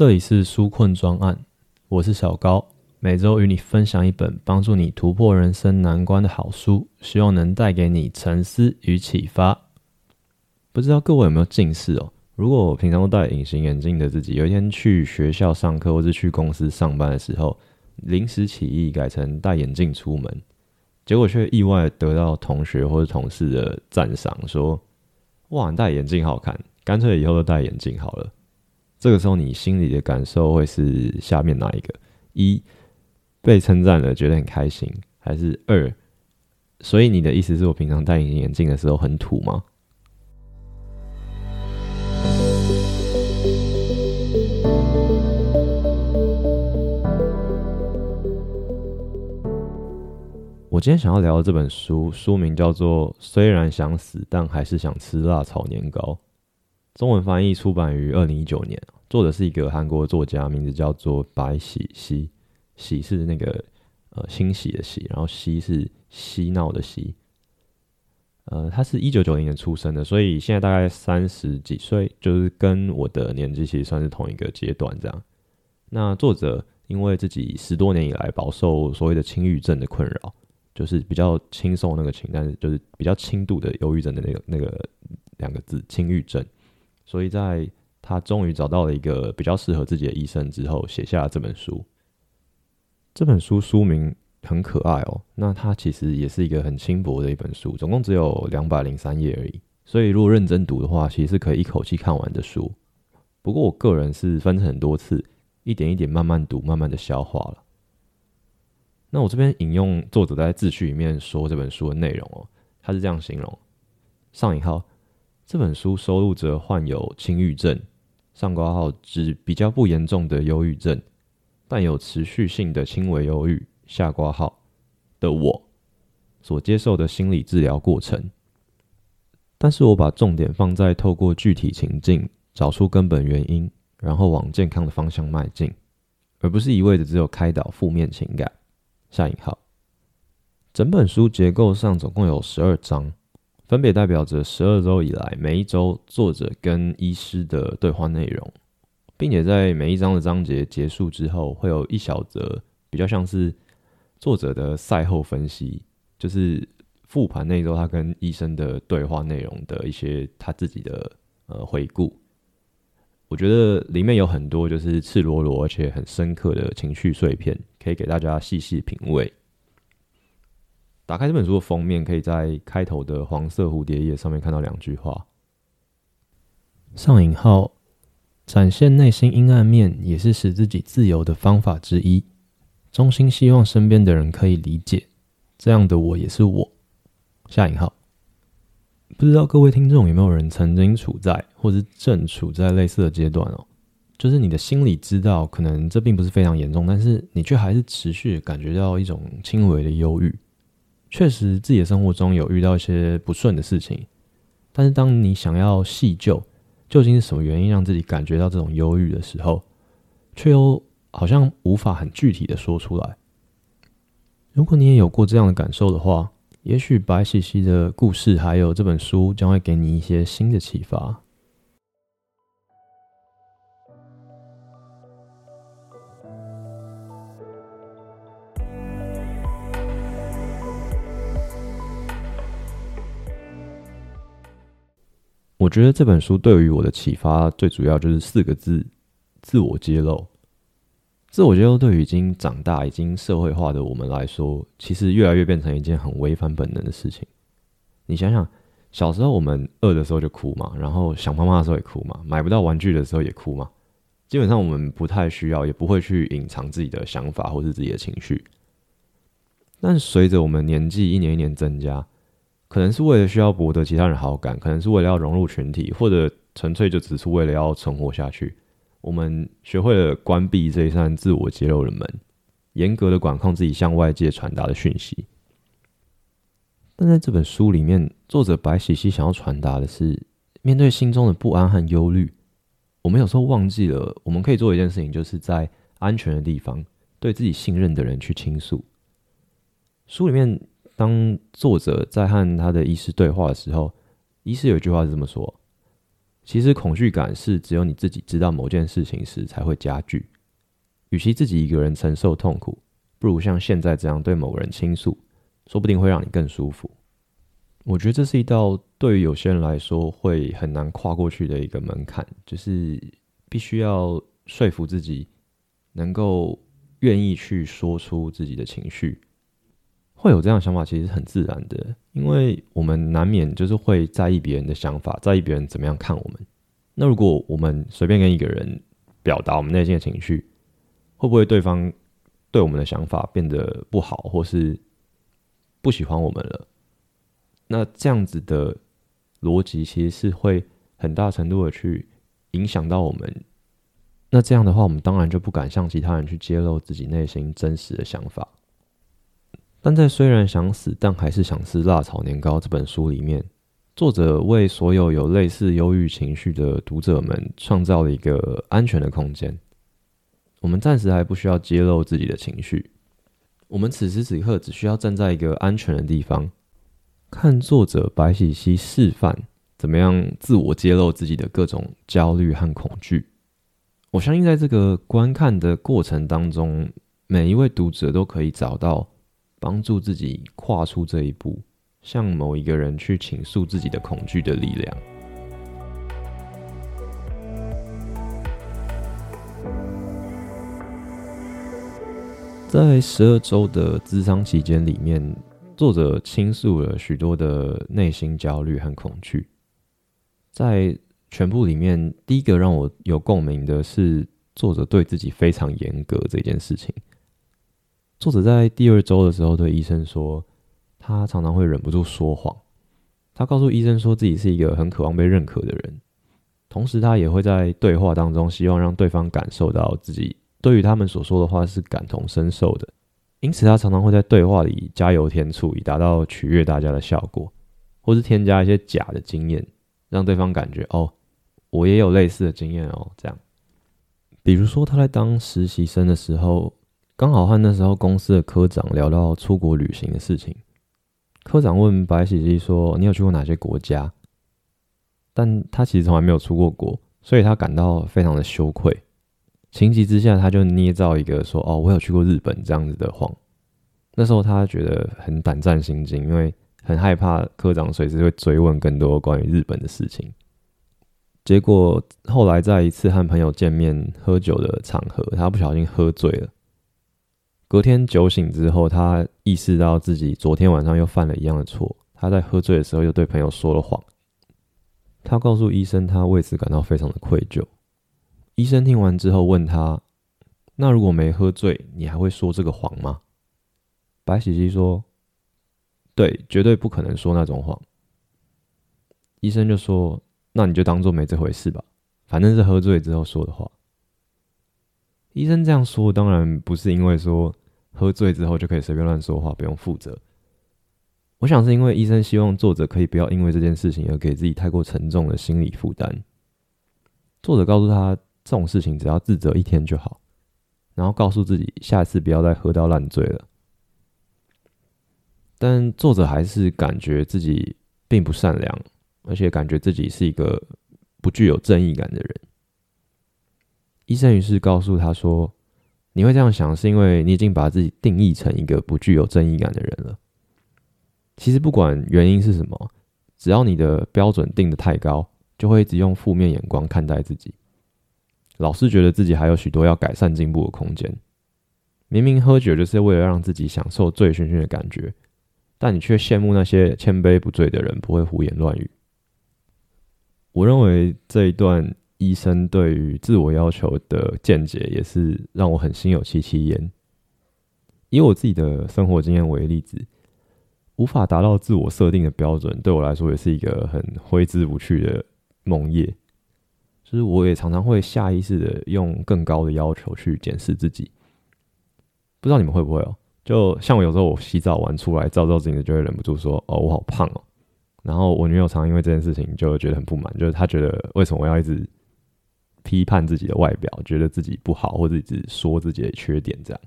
這裡是書困專案，我是小高，每週與你分享一本幫助你突破人生難關的好書，希望能帶給你沉思與啟發。不知道各位有沒有近視哦？如果我平常都戴隱形眼鏡的自己，有一天去學校上課或是去公司上班的時候，臨時起意改成戴眼鏡出門，結果卻意外得到同學或者同事的讚賞，說：“哇，你戴眼鏡好看，乾脆以後都戴眼鏡好了。”這個時候你心裡的感受會是下面哪一個？一、被稱讚了，覺得很開心，還是二？所以你的意思是我平常戴眼鏡的時候很土嗎？我今天想要聊的這本書，書名叫做《雖然想死，但還是想吃辣炒年糕》。中文翻譯出版於二零一九年，作者是一個韓國的作家，名字叫做白喜嬉，喜是那個呃欣喜的喜，然後嬉是嬉鬧的嬉。呃，他是一九九零年出生的，所以現在大概三十幾歲，就是跟我的年紀其實算是同一個階段這樣。那作者因為自己十多年以來飽受所謂的輕鬱症的困擾，就是比較輕鬆那個輕，但是就是比較輕度的憂鬱症的那個那個兩個字輕鬱症。所以，在他終於找到了一個比較適合自己的醫生之後，寫下了這本書。這本書書名很可愛哦，那它其實也是一個很輕薄的一本書，總共只有兩百零三頁而已。所以，如果認真讀的話，其實是可以一口氣看完的書。不過，我個人是分成很多次，一點一點慢慢讀，慢慢的消化了。那我這邊引用作者在自序裡面說這本書的內容哦，他是這樣形容：“上引號。”這本書收錄着患有輕鬱症，上括號指比較不嚴重的憂鬱症，但有持續性的輕微憂鬱，下括號的我所接受的心理治療過程。但是我把重點放在透過具體情境找出根本原因，然後往健康的方向邁進，而不是一味的只有開導負面情感。下引號，整本書結構上總共有十二章。分別代表着十二周以來每一周作者跟醫師的對話內容，並且在每一章的章節結束之後，會有一小則比較像是作者的賽後分析，就是復盤那周他跟醫生的對話內容的一些他自己的呃回顧。我覺得裡面有很多就是赤裸裸而且很深刻的情緒碎片，可以給大家細細品味。打開這本書的封面，可以在開頭的黃色蝴蝶頁上面看到兩句話：“上引號，展現內心陰暗面也是使自己自由的方法之一。衷心希望身邊的人可以理解，這樣的我也是我。”下引號。不知道各位聽眾有沒有人曾經處在，或是正處在類似的階段哦？就是你的心裡知道，可能這並不是非常嚴重，但是你卻還是持續感覺到一種輕微的憂鬱。確實，自己的生活中有遇到一些不順的事情，但是當你想要細究究竟是什麼原因讓自己感覺到這種憂鬱的時候，卻又好像無法很具體的說出來。如果你也有過這樣的感受的話，也許白洗嬉，的故事還有這本書將會給你一些新的啟發。我覺得這本書對於我的啟發，最主要就是四個字：自我揭露。自我揭露對於已經長大、已經社會化的我們來說，其實越來越變成一件很違反本能的事情。你想想，小時候我們餓的時候就哭嘛，然後想媽媽的時候也哭嘛，買不到玩具的時候也哭嘛。基本上我們不太需要，也不會去隱藏自己的想法或是自己的情緒。但隨着我們年紀一年一年增加，可能是為了需要博得其他人好感，可能是為了要融入群體，或者純粹就只是為了要存活下去。我們學會了關閉這一扇自我揭露的門，嚴格的管控自己向外界傳達的訊息。但在這本書裡面，作者白喜熙想要傳達的是：面對心中的不安和憂慮，我們有時候忘記了，我們可以做一件事情，就是在安全的地方，對自己信任的人去傾訴。書裡面。當作者在和他的醫師對話的時候，醫師有一句話是這麼說：“其實恐懼感是只有你自己知道某件事情時才會加劇。與其自己一個人承受痛苦，不如像現在這樣對某人傾訴，說不定會讓你更舒服。”我覺得這是一道對於有些人來說會很難跨過去的一個門檻，就是必須要說服自己能夠願意去說出自己的情緒。會有這樣的想法，其實很自然的，因為我們難免就是會在意別人的想法，在意別人怎麼樣看我們。那如果我們隨便跟一個人表達我們內心的情緒，會不會對方對我們的想法變得不好，或是不喜歡我們了？那這樣子的邏輯其實是會很大程度的去影響到我們。那這樣的話，我們當然就不敢向其他人去揭露自己內心真實的想法。但在《雖然想死，但還是想吃辣炒年糕》這本書裡面，作者為所有有類似憂鬱情緒的讀者們創造了一個安全的空間。我們暫時還不需要揭露自己的情緒，我們此時此刻只需要站在一個安全的地方，看作者白喜熙示範怎麼樣自我揭露自己的各種焦慮和恐懼。我相信，在這個觀看的過程當中，每一位讀者都可以找到。幫助自己跨出這一步，向某一個人去傾訴自己的恐懼的力量。在十二週的諮商期間裡面，作者傾訴了許多的內心焦慮和恐懼。在全部裡面，第一個讓我有共鳴的是作者對自己非常嚴格這件事情。作者在第二周的時候對醫生說，他常常會忍不住說謊。他告訴醫生說自己是一個很渴望被認可的人，同時他也會在對話當中希望讓對方感受到自己對於他們所說的話是感同身受的。因此，他常常會在對話裡加油添醋，以達到取悅大家的效果，或是添加一些假的經驗，讓對方感覺哦，我也有類似的經驗哦。這樣，比如說他在當實習生的時候。剛好和那時候公司的科長聊到出國旅行的事情，科長問白喜姬說：“你有去過哪些國家？”但他其實從來沒有出過國，所以他感到非常的羞愧。情急之下，他就捏造一個說：“哦，我有去過日本。”這樣子的謊。那時候他覺得很膽戰心驚，因為很害怕科長隨時會追問更多關於日本的事情。結果後來在一次和朋友見面喝酒的場合，他不小心喝醉了。隔天酒醒之後，他意識到自己昨天晚上又犯了一樣的錯。他在喝醉的時候又對朋友說了謊。他告訴醫生，他為此感到非常的愧疚。醫生聽完之後問他：“那如果沒喝醉，你還會說這個謊嗎？”白喜雞說：“對，絕對不可能說那種謊。”醫生就說：“那你就當做沒這回事吧，反正是喝醉之後說的話。”醫生這樣說，當然不是因為說。喝醉之後就可以隨便亂說話，不用負責。我想是因為醫生希望作者可以不要因為這件事情而給自己太過沉重的心理負擔。作者告訴他這種事情只要自責一天就好，然後告訴自己下次不要再喝到爛醉了。但作者還是感覺自己並不善良，而且感覺自己是一個不具有正義感的人。醫生於是告訴他說，你會這樣想，是因為你已經把自己定義成一個不具有正義感的人了。其實不管原因是什麼，只要你的標準定得太高，就會一直用負面眼光看待自己，老是覺得自己還有許多要改善進步的空間。明明喝酒就是為了讓自己享受醉醺醺的感覺，但你卻羨慕那些千杯不醉的人不會胡言亂語。我認為這一段。醫生對於自我要求的見解也是讓我很心有戚戚焉。以我自己的生活經驗為例子，無法達到自我設定的標準，對我來說也是一個很揮之不去的夢魘。就是我也常常會下意識的用更高的要求去檢視自己。不知道你們會不會哦？就像我有時候我洗澡完出來照照鏡子就會忍不住說：“哦，我好胖哦。”然後我女友常常因為這件事情就覺得很不滿，就是她覺得為什麼我要一直。批判自己的外表，覺得自己不好，或者一直說自己的缺點，這樣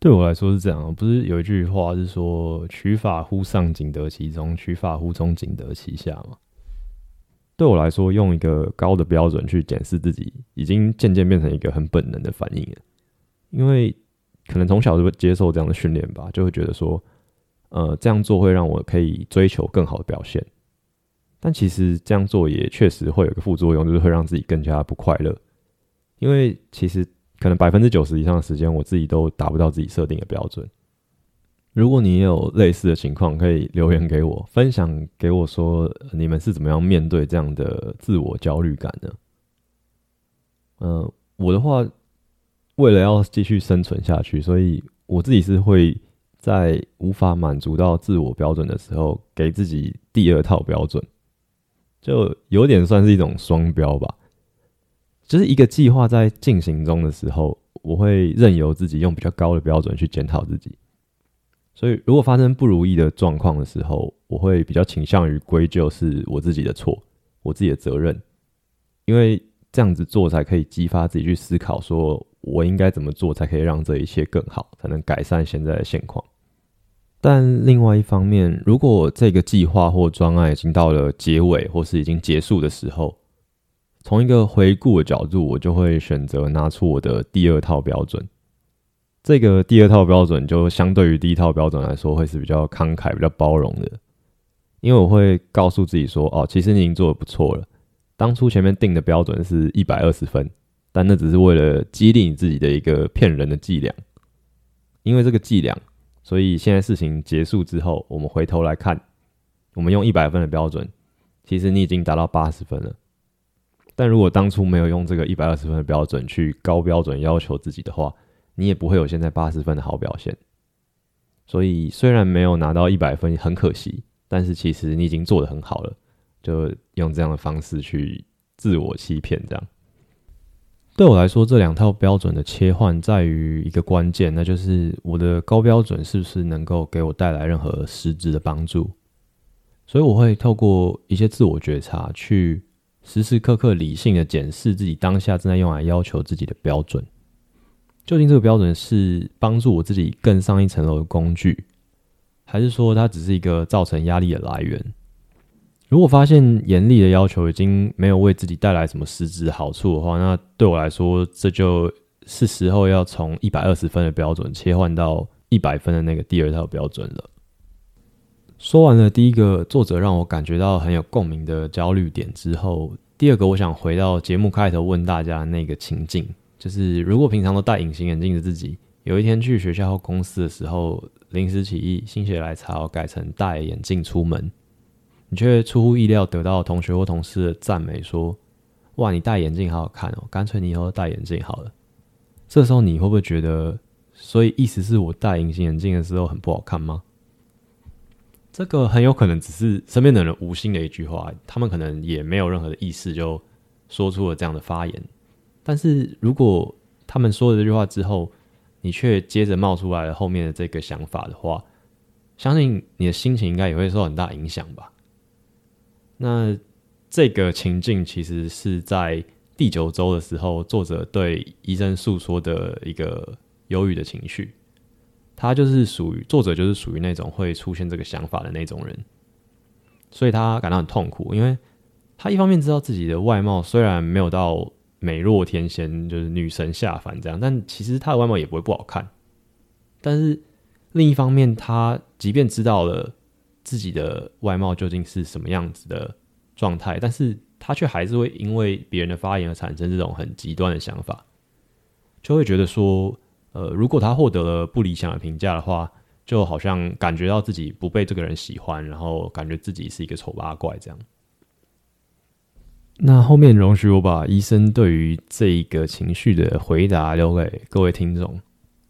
對我來說是這樣。不是有一句話是說“取法乎上，僅得其中；取法乎中，僅得其下”嗎？對我來說，用一個高的標準去檢視自己，已經漸漸變成一個很本能的反應了。因為可能從小就會接受這樣的訓練吧，就會覺得說，呃，這樣做會讓我可以追求更好的表現。但其實這樣做也確實會有個副作用，就是會讓自己更加不快樂。因為其實可能百分之九十以上的時間，我自己都達不到自己設定的標準。如果你也有類似的情況，可以留言給我，分享給我說你們是怎麼樣面對這樣的自我焦慮感的。嗯、呃，我的話，為了要繼續生存下去，所以我自己是會在無法滿足到自我標準的時候，給自己第二套標準。就有點算是一種雙標吧，就是一個計劃在進行中的時候，我會任由自己用比較高的標準去檢討自己，所以如果發生不如意的狀況的時候，我會比較傾向於歸咎是我自己的錯，我自己的責任，因為這樣子做才可以激發自己去思考，說我應該怎麼做才可以讓這一切更好，才能改善現在的現況。但另外一方面，如果這個計劃或專案已經到了結尾，或是已經結束的時候，從一個回顧的角度，我就會選擇拿出我的第二套標準。這個第二套標準就相對於第一套標準來說，會是比較慷慨、比較包容的。因為我會告訴自己說：“哦，其實你已經做得不錯了。當初前面定的標準是一百二十分，但那只是為了激勵你自己的一個騙人的伎倆。因為這個伎倆。”所以現在事情結束之後，我們回頭來看，我們用一百分的標準，其實你已經達到八十分了。但如果當初沒有用這個一百二十分的標準去高標準要求自己的話，你也不會有現在八十分的好表現。所以雖然沒有拿到一百分很可惜，但是其實你已經做得很好了。就用這樣的方式去自我欺騙，這樣。對我來說，這兩套標準的切換在於一個關鍵，那就是我的高標準是不是能夠給我帶來任何實質的幫助。所以我會透過一些自我覺察，去時時刻刻理性的檢視自己當下正在用來要求自己的標準，究竟這個標準是幫助我自己更上一層樓的工具，還是說它只是一個造成壓力的來源？如果發現嚴厲的要求已經沒有為自己帶來什麼實質好處的話，那對我來說，這就是時候要從一百二十分的標準切換到一百分的那個第二套標準了。說完了第一個作者讓我感覺到很有共鳴的焦慮點之後，第二個我想回到節目開頭問大家的那個情境，就是如果平常都戴隱形眼鏡的自己，有一天去學校或公司的時候，臨時起意、心血來潮，改成戴眼鏡出門。你卻出乎意料得到同學或同事的讚美，說：“哇，你戴眼鏡好好看哦，乾脆你以後戴眼鏡好了。”這時候你會不會覺得，所以意思是我戴隱形眼鏡的時候很不好看嗎？這個很有可能只是身邊的人無心的一句話，他們可能也沒有任何的意思就說出了這樣的發言。但是如果他們說了這句話之後，你卻接着冒出來了後面的這個想法的話，相信你的心情應該也會受很大影響吧。那這個情境其實是在第九周的時候，作者對醫生訴說的一個憂鬱的情緒。他就是屬於作者，就是屬於那種會出現這個想法的那種人，所以他感到很痛苦。因為他一方面知道自己的外貌雖然沒有到美若天仙，就是女神下凡這樣，但其實他的外貌也不會不好看。但是另一方面，他即便知道了自己的外貌究竟是什麼樣子的狀態，但是他卻還是會因為別人的發言而產生這種很極端的想法，就會覺得說，呃，如果他獲得了不理想的評價的話，就好像感覺到自己不被這個人喜歡，然後感覺自己是一個醜八怪這樣。那後面容許我把醫生對於這一個情緒的回答留給各位聽眾，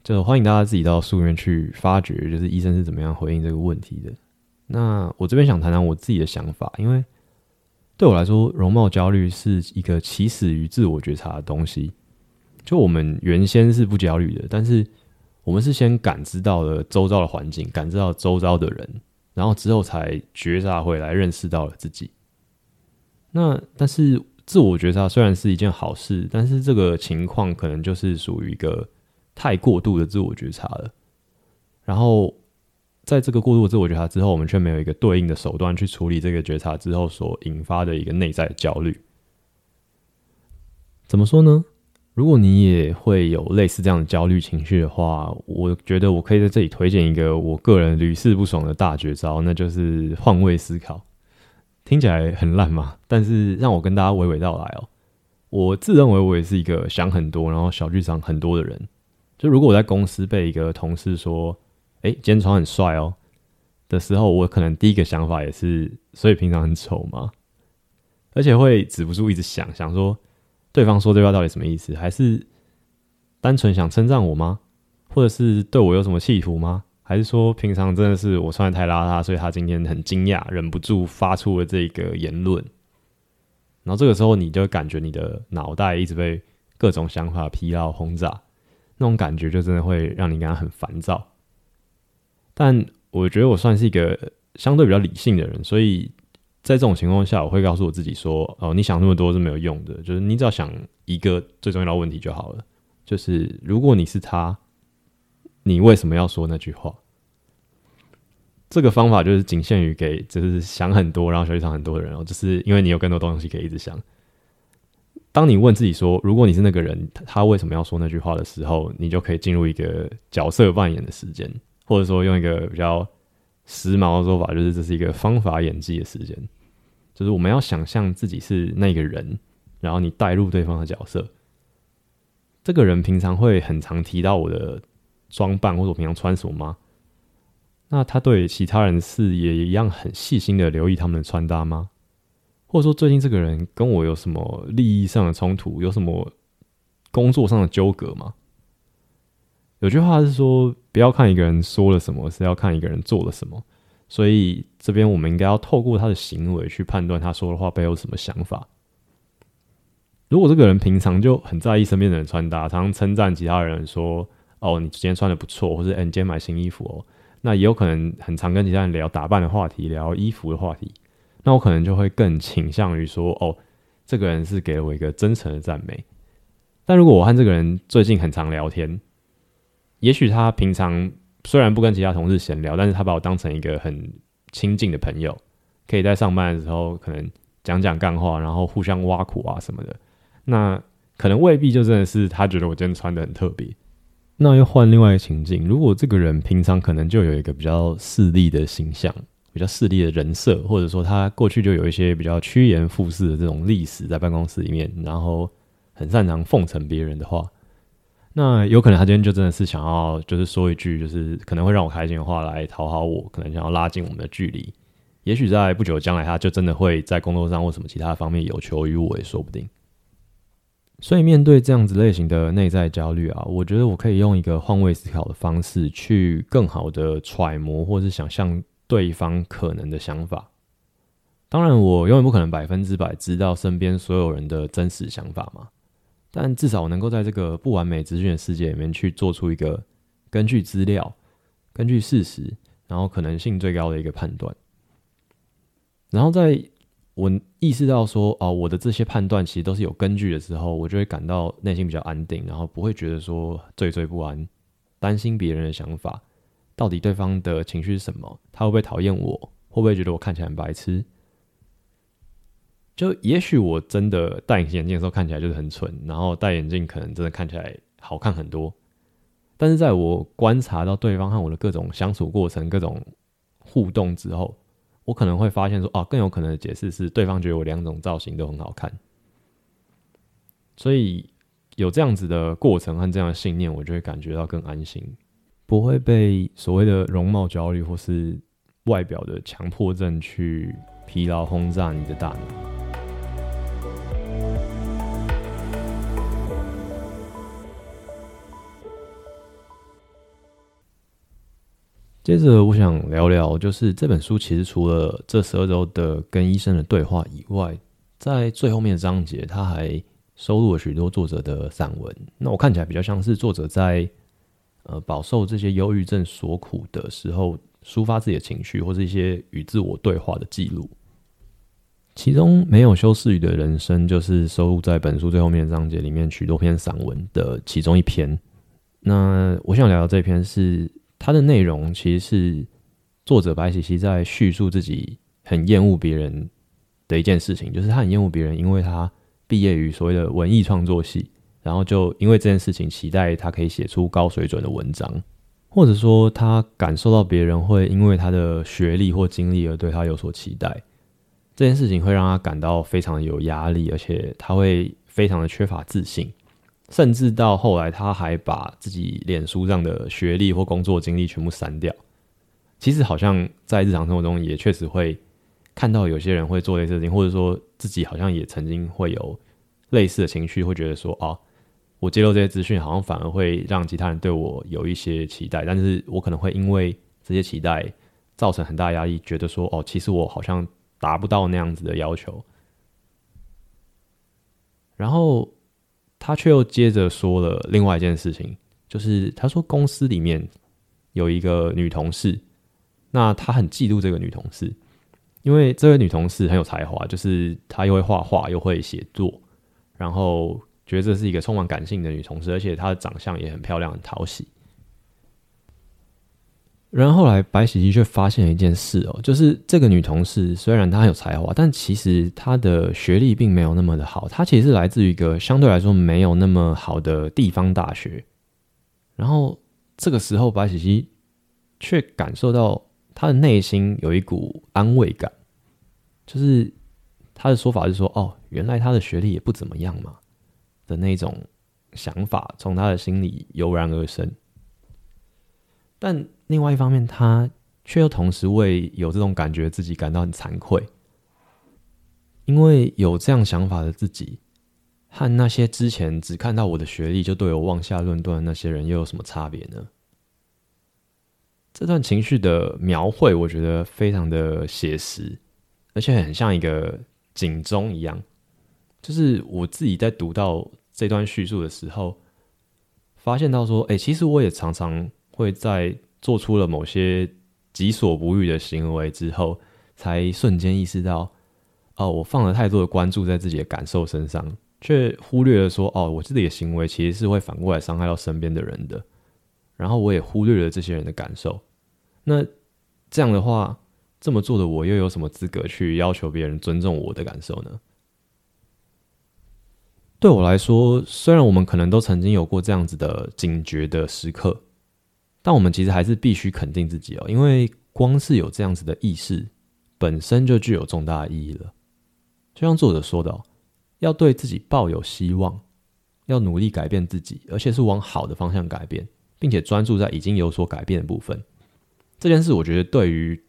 就歡迎大家自己到書裡面去發掘，就是醫生是怎麼樣回應這個問題的。那我這邊想談談我自己的想法，因為對我來說，容貌焦慮是一個起始於自我覺察的東西。就我們原先是不焦慮的，但是我們是先感知到了周遭的環境，感知到周遭的人，然後之後才覺察回來，認識到了自己。那但是自我覺察雖然是一件好事，但是這個情況可能就是屬於一個太過度的自我覺察了。然後。在這個過度自我覺察之後，我們卻沒有一個對應的手段去處理這個覺察之後所引發的一個內在的焦慮。怎麼說呢？如果你也會有類似這樣的焦慮情緒的話，我覺得我可以在這裡推薦一個我個人屢試不爽的大絕招，那就是換位思考。聽起來很爛嘛，但是讓我跟大家娓娓道來哦。我自認為我也是一個想很多，然後小劇場很多的人。就如果我在公司被一個同事說，誒，今天穿很帥哦。的時候，我可能第一個想法也是，所以平常很醜嗎？而且會止不住一直想，想說對方說這話到底什麼意思？還是單純想稱讚我嗎？或者是對我有什麼企圖嗎？還是說平常真的是我穿得太邋遢，所以他今天很驚訝，忍不住發出了這個言論。然後這個時候，你就感覺你的腦袋一直被各種想法疲勞轟炸，那種感覺就真的會讓你感到很煩躁。但我覺得我算是一個相對比較理性的人，所以在這種情況下，我會告訴我自己說：“哦，你想那麼多是沒有用的，就是你只要想一個最重要的問題就好了。就是如果你是他，你為什麼要說那句話？”這個方法就是僅限於給，就是想很多然後學習上很多的人哦，就是因為你有更多東西可以一直想。當你問自己說：“如果你是那個人，他為什麼要說那句話？”的時候，你就可以進入一個角色扮演的時間。或者說，用一個比較時髦的說法，就是這是一個方法演技的時間。就是我們要想象自己是那個人，然後你帶入對方的角色。這個人平常會很常提到我的裝扮，或者我平常穿什麼嗎？那他對其他人是也一樣很細心的留意他們的穿搭嗎？或者說，最近這個人跟我有什麼利益上的衝突，有什麼工作上的糾葛嗎？有句話是說，不要看一個人說了什麼，是要看一個人做了什麼。所以這邊我們應該要透過他的行為去判斷他說的話背後有什麼想法。如果這個人平常就很在意身邊的人穿搭，常常稱讚其他人說：“哦，你今天穿得不錯，或是誒，你今天買新衣服哦。”那也有可能很常跟其他人聊打扮的話題，聊衣服的話題。那我可能就會更傾向於說：“哦，這個人是給了我一個真誠的讚美。”但如果我和這個人最近很常聊天，也許他平常雖然不跟其他同事閒聊，但是他把我當成一個很親近的朋友，可以在上班的時候可能講講幹話，然後互相挖苦啊什麼的。那可能未必就真的是他覺得我今天穿得很特別。嗯。那又換另外一個情境，如果這個人平常可能就有一個比較勢利的形象，比較勢利的人設，或者說他過去就有一些比較趨炎附勢的這種歷史在辦公室裡面，然後很擅長奉承別人的話。那有可能他今天就真的是想要，就是說一句，就是可能會讓我開心的話來討好我，可能想要拉近我們的距離。也許在不久的將來，他就真的會在工作上或什麼其他的方面有求於我，也說不定。所以面對這樣子類型的內在焦慮啊，我覺得我可以用一個換位思考的方式去更好的揣摩或是想象對方可能的想法。當然，我永遠不可能百分之百知道身邊所有人的真實想法嘛。但至少我能夠在這個不完美資訊的世界裡面去做出一個根據資料、根據事實，然後可能性最高的一個判斷。然後在我意識到說，哦，我的這些判斷其實都是有根據的時候，我就會感到內心比較安定，然後不會覺得說惴惴不安，擔心別人的想法，到底對方的情緒是什麼，他會不會討厭我，會不會覺得我看起來很白痴。就也許我真的戴隱形眼鏡的時候看起來就是很蠢，然後戴眼鏡可能真的看起來好看很多。但是在我觀察到對方和我的各種相處過程、各種互動之後，我可能會發現說，啊，更有可能的解釋是，對方覺得我兩種造型都很好看。所以有這樣子的過程和這樣的信念，我就會感覺到更安心，不會被所謂的容貌焦慮或是外表的強迫症去疲勞轟炸你的大腦。接着，我想聊聊，就是這本書其實除了這十二周的跟醫生的對話以外，在最後面的章節，它還收錄了許多作者的散文。那我看起來比較像是作者在呃飽受這些憂鬱症所苦的時候，抒發自己的情緒，或是一些與自我對話的記錄。其中沒有修飾語的人生，就是收錄在本書最後面的章節裡面許多篇散文的其中一篇。那我想聊聊的這篇是它的內容，其實是作者白洗嬉在敘述自己很厭惡別人的一件事情，就是他很厭惡別人，因為他畢業於所謂的文藝創作系，然後就因為這件事情期待他可以寫出高水準的文章，或者說他感受到別人會因為他的學歷或經歷而對他有所期待。這件事情會讓他感到非常有壓力，而且他會非常的缺乏自信，甚至到後來他還把自己臉書上的學歷或工作經歷全部刪掉。其實好像在日常生活中也確實會看到有些人會做這些事情，或者說自己好像也曾經會有類似的情緒，會覺得說啊、哦，我揭露這些資訊，好像反而會讓其他人對我有一些期待，但是我可能會因為這些期待造成很大壓力，覺得說哦，其實我好像。達不到那樣子的要求，然後他卻又接着說了另外一件事情，就是他說公司裡面有一個女同事，那他很嫉妒這個女同事，因為這位女同事很有才華，就是她又會畫畫又會寫作，然後覺得這是一個充滿感性的女同事，而且她的長相也很漂亮，很討喜。然後後來，白洗嬉卻發現了一件事哦，就是這個女同事雖然她很有才華，但其實她的學歷並沒有那麼的好。她其實是來自於一個相對來說沒有那麼好的地方大學。然後這個時候，白洗嬉卻感受到她的內心有一股安慰感，就是她的說法是說：“哦，原來她的學歷也不怎麼樣嘛。”的那種想法從她的心裡油然而生。但另外一方面，他卻又同時為有這種感覺自己感到很慚愧，因為有這樣想法的自己，和那些之前只看到我的學歷就對我妄下論斷的那些人，又有什麼差別呢？這段情緒的描繪，我覺得非常的寫實，而且很像一個警鐘一樣。就是我自己在讀到這段敘述的時候，發現到說，哎、欸，其實我也常常。會在做出了某些己所不欲的行為之後，才瞬間意識到，哦，我放了太多的關注在自己的感受身上，卻忽略了說，哦，我自己的行為其實是會反過來傷害到身邊的人的，然後我也忽略了這些人的感受。那這樣的話，這麼做的我又有什麼資格去要求別人尊重我的感受呢？對我來說，雖然我們可能都曾經有過這樣子的警覺的時刻。但我們其實還是必須肯定自己哦，因為光是有這樣子的意識，本身就具有重大的意義了。就像作者說的哦，要對自己抱有希望，要努力改變自己，而且是往好的方向改變，並且專注在已經有所改變的部分。這件事，我覺得對於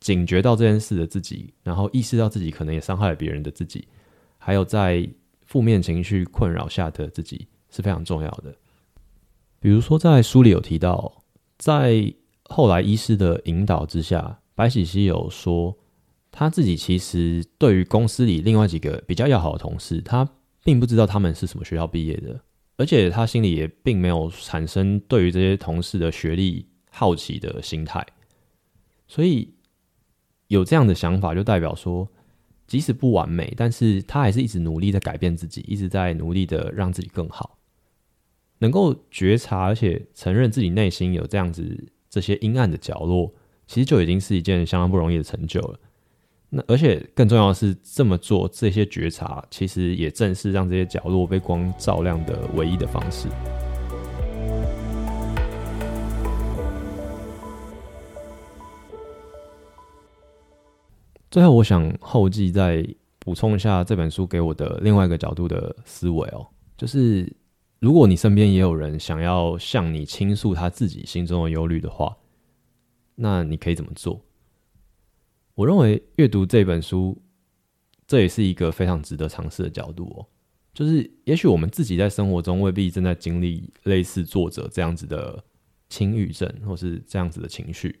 警覺到這件事的自己，然後意識到自己可能也傷害了別人的自己，還有在負面情緒困擾下的自己，是非常重要的。比如說，在書裡有提到，在後來醫師的引導之下，白喜熙有說，他自己其實對於公司裡另外幾個比較要好的同事，他並不知道他們是什麼學校畢業的，而且他心裡也並沒有產生對於這些同事的學歷好奇的心態。所以有這樣的想法，就代表說，即使不完美，但是他還是一直努力在改變自己，一直在努力的讓自己更好。能夠覺察，而且承認自己內心有這樣子這些陰暗的角落，其實就已經是一件相當不容易的成就了。那而且更重要的是，這麼做這些覺察，其實也正是讓這些角落被光照亮的唯一的方式。最後，我想後記再補充一下這本書給我的另外一個角度的思維哦，就是。如果你身邊也有人想要向你傾訴他自己心中的憂慮的話，那你可以怎麼做？我認為閱讀這本書，這也是一個非常值得嘗試的角度哦。就是也許我們自己在生活中未必正在經歷類似作者這樣子的輕鬱症，或是這樣子的情緒，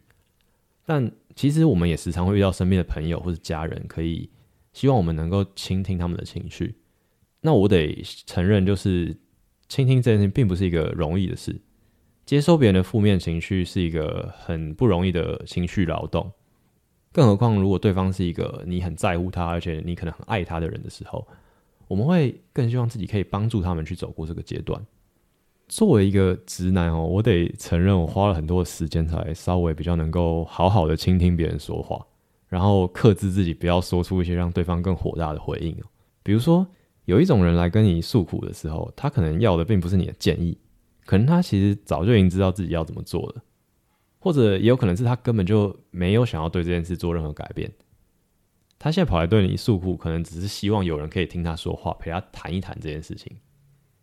但其實我們也時常會遇到身邊的朋友或者家人，可以希望我們能夠傾聽他們的情緒。那我得承認，就是。傾聽這件事情並不是一個容易的事。接收別人的負面情緒是一個很不容易的情緒勞動，更何況如果對方是一個你很在乎他，而且你可能很愛他的人的時候，我們會更希望自己可以幫助他們去走過這個階段。作為一個直男哦，我得承認我花了很多的時間才稍微比較能夠好好的傾聽別人說話，然後克制自己不要說出一些讓對方更火大的回應。比如說。有一種人來跟你訴苦的時候，他可能要的並不是你的建議，可能他其實早就已經知道自己要怎麼做了，或者也有可能是他根本就沒有想要對這件事做任何改變，他現在跑來對你訴苦，可能只是希望有人可以聽他說話，陪他談一談這件事情，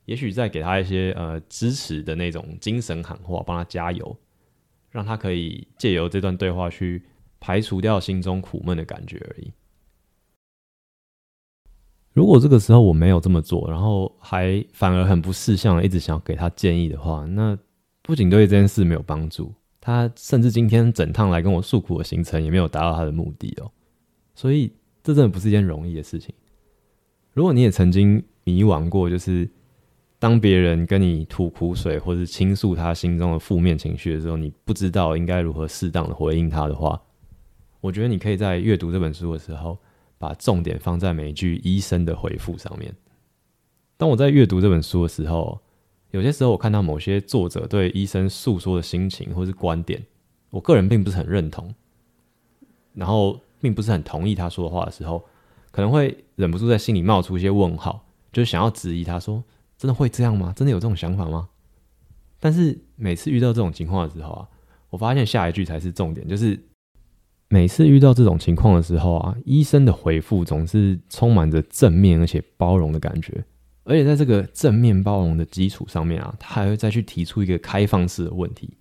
也許再給他一些呃支持的那種精神喊話，幫他加油，讓他可以借由這段對話去排除掉心中苦悶的感覺而已。如果這個時候我沒有這麼做，然後還反而很不識相，一直想要給他建議的話，那不僅對這件事沒有幫助，他甚至今天整趟來跟我訴苦的行程也沒有達到他的目的哦。所以這真的不是一件容易的事情。如果你也曾經迷惘過，就是當別人跟你吐苦水或是傾訴他心中的負面情緒的時候，你不知道應該如何適當的回應他的話，我覺得你可以在閱讀這本書的時候。把重點放在每一句醫生的回復上面。當我在閱讀這本書的時候，有些時候我看到某些作者對醫生訴說的心情或是觀點，我個人並不是很認同，然後並不是很同意他說的話的時候，可能會忍不住在心裡冒出一些問號，就是想要質疑他說：“真的會這樣嗎？真的有這種想法嗎？”但是每次遇到這種情況的時候啊，我發現下一句才是重點，就是。每次遇到這種情況的時候啊，醫生的回覆總是充滿着正面而且包容的感覺，而且在這個正面包容的基礎上面啊，他還會再去提出一個開放式的問題，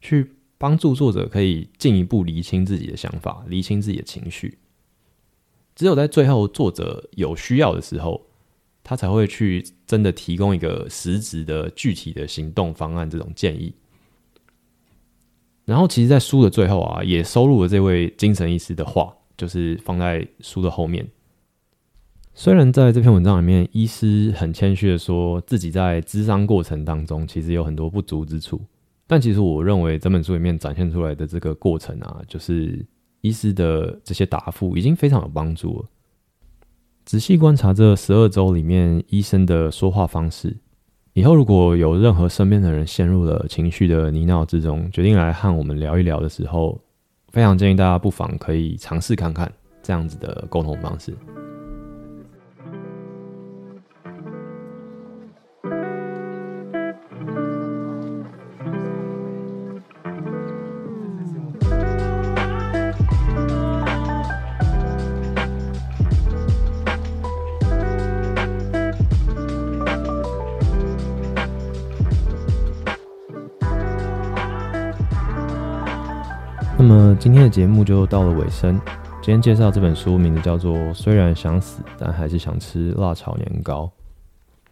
去幫助作者可以進一步釐清自己的想法，釐清自己的情緒。只有在最後作者有需要的時候，他才會去真的提供一個實質的具體的行動方案這種建議。然後，其實，在書的最後啊，也收錄了這位精神醫師的話，就是放在書的後面。雖然在這篇文章裡面，醫師很謙虛的說自己在諮商過程當中，其實有很多不足之處，但其實我認為這本書裡面展現出來的這個過程啊，就是醫師的這些答覆，已經非常有幫助了。仔細觀察這十二周裡面醫生的說話方式。以後如果有任何身邊的人陷入了情緒的泥淖之中，決定來和我們聊一聊的時候，非常建議大家不妨可以嘗試看看這樣子的溝通方式。今天的節目就到了尾聲。今天介紹這本書，名字叫做《雖然想死，但還是想吃辣炒年糕》。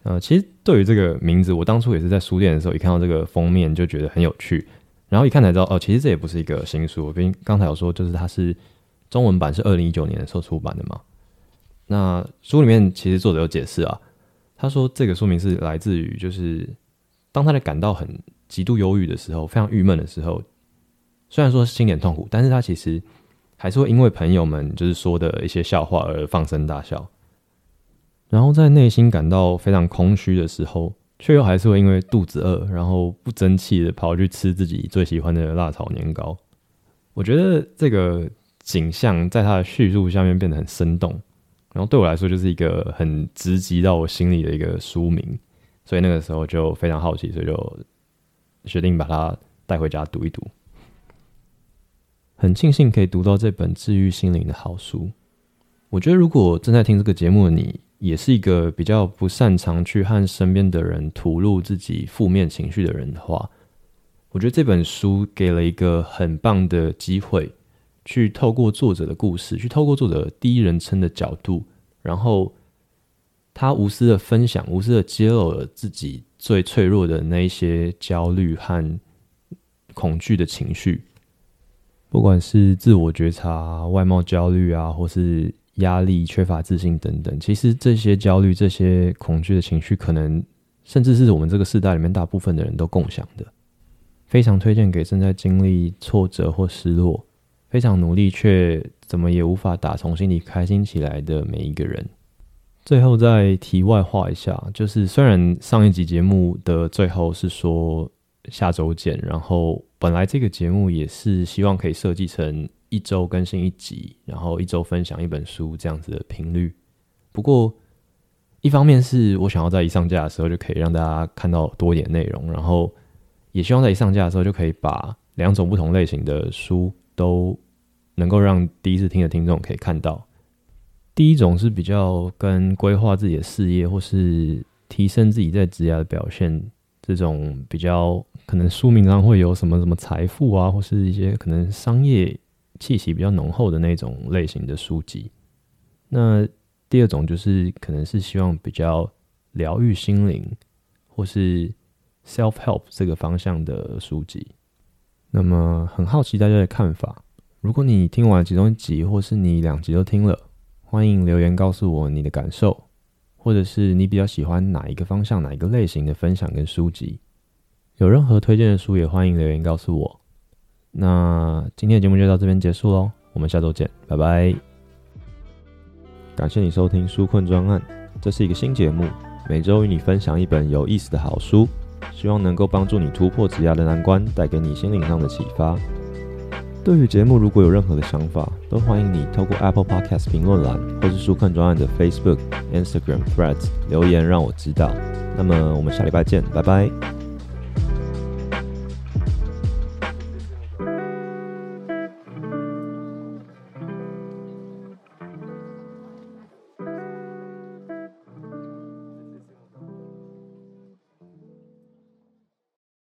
呃，其實對於這個名字，我當初也是在書店的時候，一看到這個封面就覺得很有趣。然後一看才知道，哦、呃，其實這也不是一個新書。我跟剛才有說，就是它是中文版是二零一九年的時候出版的嘛。那書裡面其實作者有解釋啊，他說這個書名是來自於，就是當他的感到很極度憂鬱的時候，非常鬱悶的時候，雖然說心裡很痛苦，但是他其實還是會因為朋友們就是說的一些笑話而放聲大笑，然後在內心感到非常空虛的時候，卻又還是會因為肚子餓，然後不爭氣的跑去吃自己最喜歡的辣炒年糕。我覺得這個景象在他的敘述下面變得很生動，然後對我來說就是一個很直擊到我心裡的一個書名，所以那個時候就非常好奇，所以就決定把它帶回家讀一讀。很慶幸可以讀到這本治癒心靈的好書。我覺得，如果正在聽這個節目的你，也是一個比較不擅長去和身邊的人吐露自己負面情緒的人的話，我覺得這本書給了一個很棒的機會，去透過作者的故事，去透過作者第一人稱的角度，然後他無私的分享，無私的揭露了自己最脆弱的那一些焦慮和恐懼的情緒。不管是自我覺察、外貌焦慮啊，或是壓力、缺乏自信等等，其實這些焦慮、這些恐懼的情緒，可能甚至是我們這個時代裡面大部分的人都共享的。非常推薦給正在經歷挫折或失落、非常努力卻怎麼也無法打從心裡開心起來的每一個人。最後再題外話一下，就是雖然上一集節目的最後是說，下周見。然後本來這個節目也是希望可以設計成一周更新一集，然後一周分享一本書這樣子的頻率。不過一方面是我想要在一上架的時候就可以讓大家看到多一點內容，然後也希望在一上架的時候就可以把兩種不同類型的書都能夠讓第一次聽的聽眾可以看到。第一種是比較跟規劃自己的事業或是提升自己在職場的表現，這種比較。可能書名上會有什麼什麼財富啊，或是一些可能商業氣息比較濃厚的那種類型的書籍。那第二種就是可能是希望比較療癒心靈，或是 self help 這個方向的書籍。那麼很好奇大家的看法。如果你聽完其中一集，或是你兩集都聽了，歡迎留言告訴我你的感受，或者是你比較喜歡哪一個方向、哪一個類型的分享跟書籍。有任何推薦的書，也歡迎留言告訴我。那今天的節目就到這邊結束嘍，我們下周見，拜拜。感謝你收聽《書困專案》，這是一個新節目，每周與你分享一本有意思的好書，希望能夠幫助你突破職涯的難關，帶給你心靈上的啟發。對於節目，如果有任何的想法，都歡迎你透過 Apple Podcast 評論欄，或是《書困專案》的 Facebook、Instagram、Threads 留言讓我知道。那麼我們下禮拜見，拜拜。